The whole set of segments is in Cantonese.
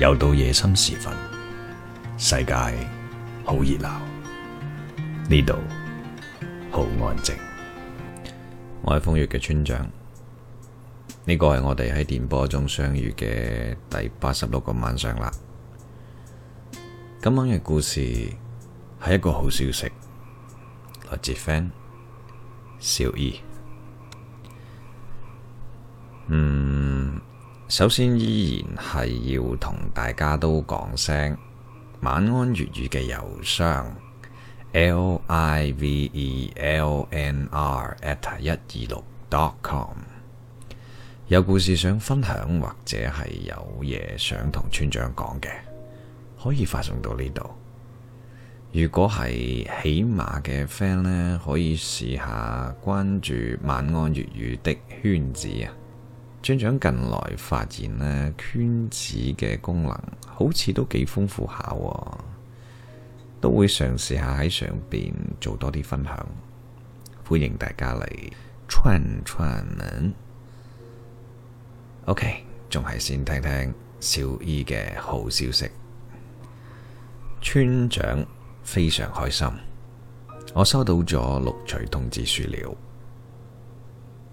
又到夜深時分，世界好熱鬧，呢度好安靜。我係瘋粵嘅村長，呢個係我哋喺電波中相遇嘅第八十六個晚上啦。今晚嘅故事係一個好消息，來自 FAN 小 e，嗯。首先，依然係要同大家都講聲晚安粵語嘅郵箱 l i v e l n r at 一二六 dot com，有故事想分享或者係有嘢想同村長講嘅，可以發送到呢度。如果係喜馬嘅 friend 咧，可以試下關注晚安粵語的圈子啊。村長近來發現呢、啊、圈子嘅功能，好似都幾豐富下、啊，都會嘗試下喺上邊做多啲分享，歡迎大家嚟串串門。OK，仲係先聽聽小 e 嘅好消息，村長非常開心，我收到咗錄取通知書了，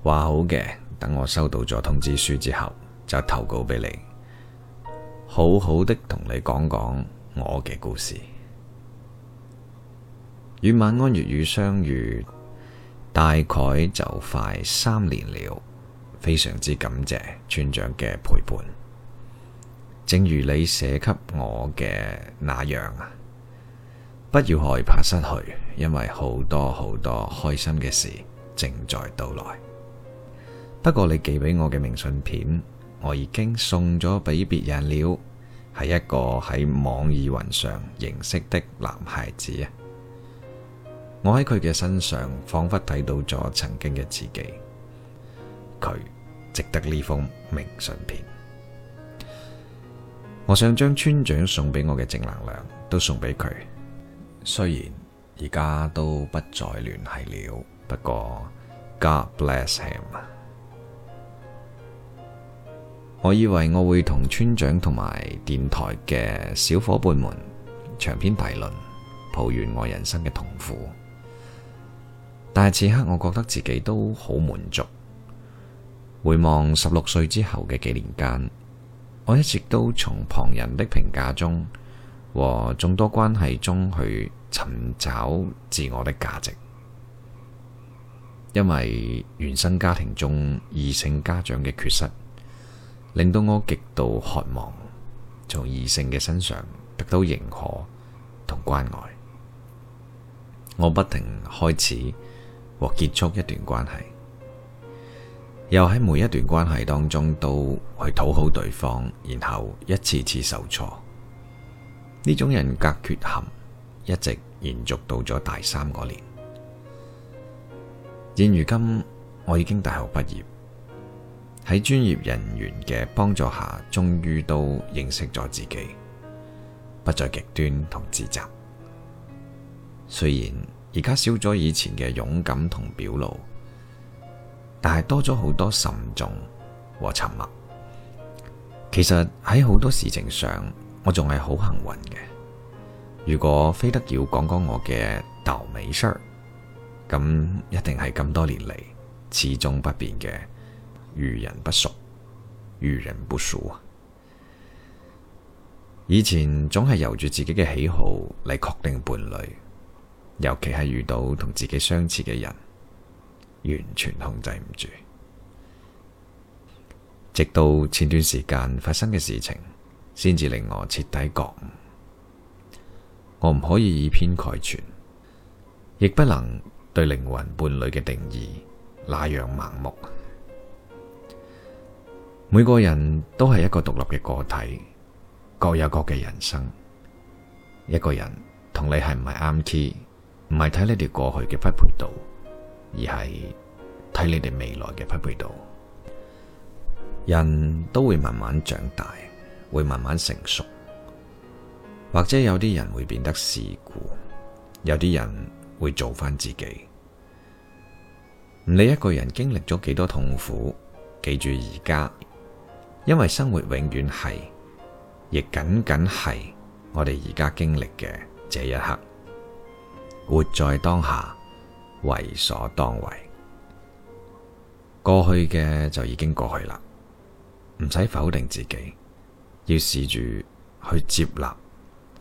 話好嘅。等我收到咗通知書之後，就投稿俾你，好好的同你講講我嘅故事。與晚安粵語相遇，大概就快三年了，非常之感謝村長嘅陪伴。正如你寫給我嘅那樣啊，不要害怕失去，因為好多好多開心嘅事正在到來。不過你寄俾我嘅明信片，我已經送咗俾別人了。係一個喺網易雲上認識的男孩子，我喺佢嘅身上，仿佛睇到咗曾經嘅自己。佢值得呢封明信片。我想將村長送俾我嘅正能量都送俾佢。雖然而家都不再聯繫了，不過 God bless him。我以為我會同村長同埋電台嘅小伙伴們長篇大論，抱怨我人生嘅痛苦。但係此刻，我覺得自己都好滿足。回望十六歲之後嘅幾年間，我一直都從旁人的評價中和眾多關係中去尋找自我的價值，因為原生家庭中異性家長嘅缺失。令到我極度渴望從異性嘅身上得到認可同關愛，我不停開始或結束一段關係，又喺每一段關係當中都去討好對方，然後一次次受挫。呢種人格缺陷一直延續到咗大三嗰年，現如今我已經大學畢業。喺專業人員嘅幫助下，終於都認識咗自己，不再極端同自責。雖然而家少咗以前嘅勇敢同表露，但係多咗好多慎重和沉默。其實喺好多事情上，我仲係好幸運嘅。如果非得要講講我嘅倒霉事，咁一定係咁多年嚟始終不變嘅。遇人不淑，遇人不淑。以前總係由住自己嘅喜好嚟確定伴侶，尤其係遇到同自己相似嘅人，完全控制唔住。直到前段時間發生嘅事情，先至令我徹底覺悟：我唔可以以偏概全，亦不能對靈魂伴侶嘅定義那樣盲目。每個人都係一個獨立嘅個體，各有各嘅人生。一個人同你係唔係啱 key，唔係睇你哋過去嘅匹配度，而係睇你哋未來嘅匹配度。人都會慢慢長大，會慢慢成熟，或者有啲人會變得世故，有啲人會做翻自己。唔理一個人經歷咗幾多痛苦，記住而家。因為生活永遠係，亦僅僅係我哋而家經歷嘅這一刻，活在當下，為所當為。過去嘅就已經過去啦，唔使否定自己，要試住去接納，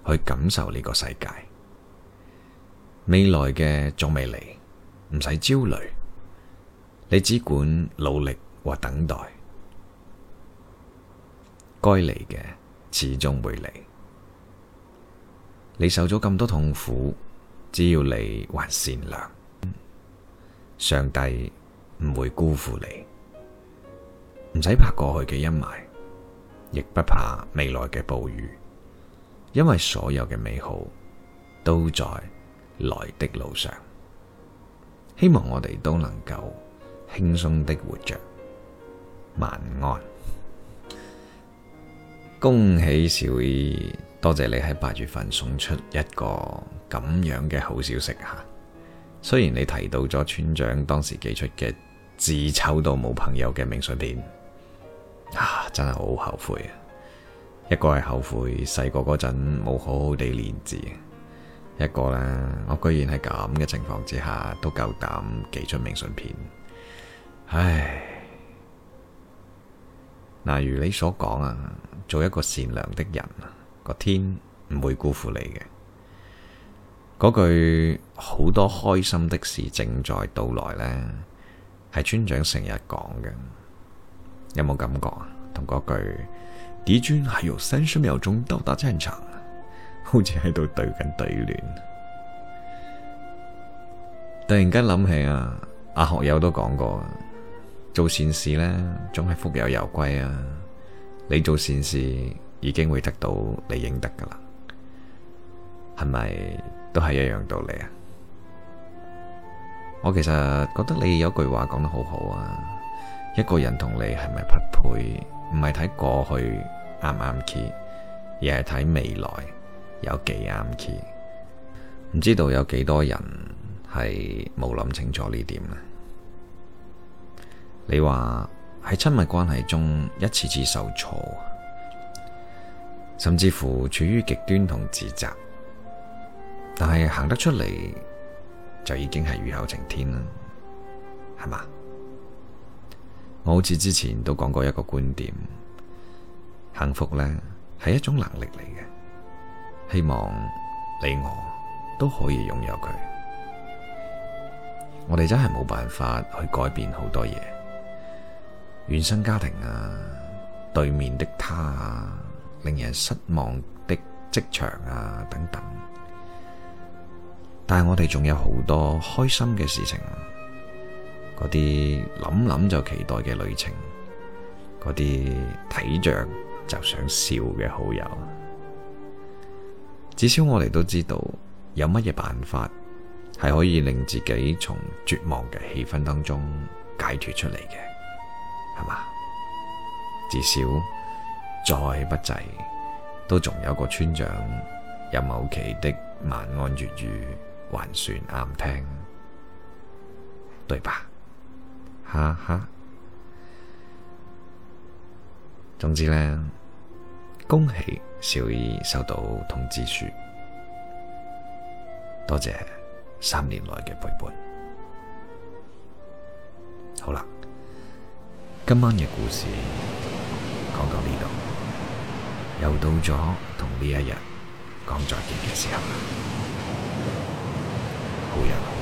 去感受呢個世界。未來嘅仲未嚟，唔使焦慮，你只管努力和等待。該嚟嘅始終會嚟，你受咗咁多痛苦，只要你還善良，上帝唔會辜負你，唔使怕過去嘅陰霾，亦不怕未來嘅暴雨，因為所有嘅美好都在來的路上。希望我哋都能夠輕鬆的活着，晚安。恭喜小 e，多謝你喺八月份送出一個咁樣嘅好消息啊！雖然你提到咗村長當時寄出嘅字醜到冇朋友嘅明信片，啊，真係好後悔啊！一個係後悔細個嗰陣冇好好地練字，一個呢，我居然喺咁嘅情況之下都夠膽寄出明信片，唉。嗱，如你所講啊，做一個善良的人啊，個天唔會辜負你嘅。嗰句好多開心的事正在到來咧，係村長成日講嘅。有冇感覺啊？同嗰句敵軍還有三十秒鐘到達戰場，好似喺度對緊對聯。突然間諗起啊，阿學友都講過。做善事呢，總係福有攸歸啊！你做善事已經會得到你應得噶啦，係咪都係一樣道理啊？我其實覺得你有句話講得好好啊！一個人同你係咪匹配，唔係睇過去啱唔啱 key，而係睇未來有幾啱 key。唔知道有幾多人係冇諗清楚呢點啊。你話喺親密關係中一次次受挫，甚至乎處於極端同自責，但係行得出嚟，就已經係雨後晴天啦，係嘛？我好似之前都講過一個觀點，幸福咧係一種能力嚟嘅，希望你我都可以擁有佢。我哋真係冇辦法去改變好多嘢。原生家庭啊，對面的他啊，令人失望的職場啊，等等。但係我哋仲有好多開心嘅事情啊，嗰啲諗諗就期待嘅旅程，嗰啲睇著就想笑嘅好友。至少我哋都知道有乜嘢辦法係可以令自己從絕望嘅氣氛當中解脱出嚟嘅。係嘛？至少再不濟，都仲有個村長，有某期的晚安粵語還算啱聽，對吧？哈哈。總之呢，恭喜小 e 收到通知書，多謝三年來嘅陪伴。好啦。今晚嘅故事講到呢度，又到咗同呢一日講再見嘅時候啦。好嘢